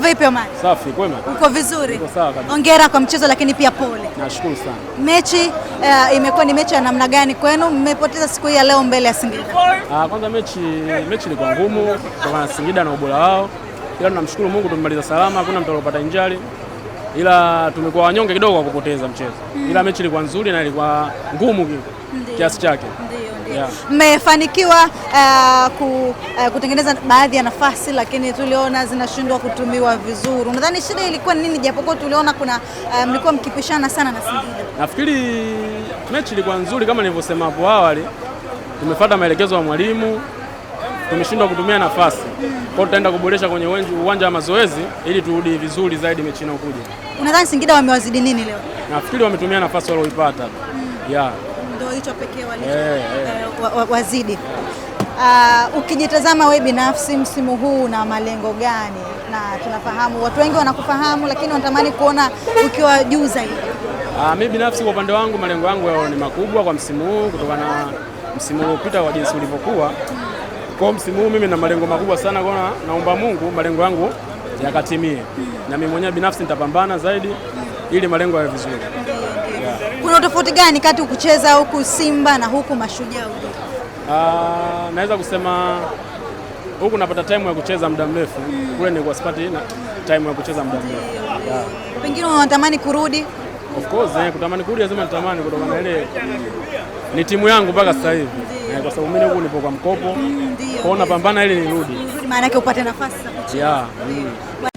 Vipi Omar? Safi, kwema. Uko vizuri? Uko sawa kabisa. Hongera kwa mchezo lakini pia pole. Nashukuru sana. Mechi uh, imekuwa ni mechi ya namna gani kwenu? Mmepoteza siku hii ya leo mbele ya Singida. Uh, kwanza mechi mechi ilikuwa ngumu kwa na Singida na ubora wao, ila tunamshukuru Mungu tumemaliza salama, hakuna mtu aliyopata injali, ila tumekuwa wanyonge kidogo kwa kupoteza mchezo mm. Ila mechi ilikuwa nzuri na ilikuwa ngumu kiasi chake. Ndiyo mmefanikiwa yeah. uh, ku, uh, kutengeneza baadhi ya nafasi lakini tuliona zinashindwa kutumiwa vizuri. Unadhani shida ilikuwa nini, japokuwa tuliona kuna uh, mlikuwa mkipishana sana na Singida? Nafikiri mechi ilikuwa nzuri kama nilivyosema hapo awali, tumefuata maelekezo ya mwalimu, tumeshindwa kutumia nafasi kwao, tutaenda kuboresha kwenye uwanja wa mazoezi ili turudi vizuri zaidi mechi inayokuja. Unadhani Singida wamewazidi nini leo? Nafikiri wametumia nafasi walioipata. mm. yeah ndio hicho pekee walicho Uh, eh, eh. eh, wazidi uh, ukijitazama we binafsi msimu huu una malengo gani? Na tunafahamu watu wengi wanakufahamu, lakini wanatamani kuona ukiwa juu zaidi. Uh, ah, mi binafsi kwa upande wangu malengo yangu yao ni makubwa kwa msimu huu kutokana na msimu uliopita wa jinsi ulivyokuwa. Kwa msimu huu mimi na malengo makubwa sana, kwa naomba Mungu malengo yangu yakatimie, na mimi mwenyewe binafsi nitapambana zaidi ili malengo yawe vizuri kuna tofauti gani kati ukucheza huku Simba na huku Mashujaa? Uh, naweza kusema huku napata time ya kucheza muda mrefu mm. Kule nilikuwa sipati time ya kucheza muda mrefu yeah. Pengine unatamani kurudi? Of course, eh, kutamani kurudi lazima nitamani kutokana na ile ni timu yangu mpaka sasa hivi mm. kwa sababu mimi huku nipo kwa mkopo, mm. hiyo napambana ili nirudi, maana yake upate nafasi za kucheza. Yeah.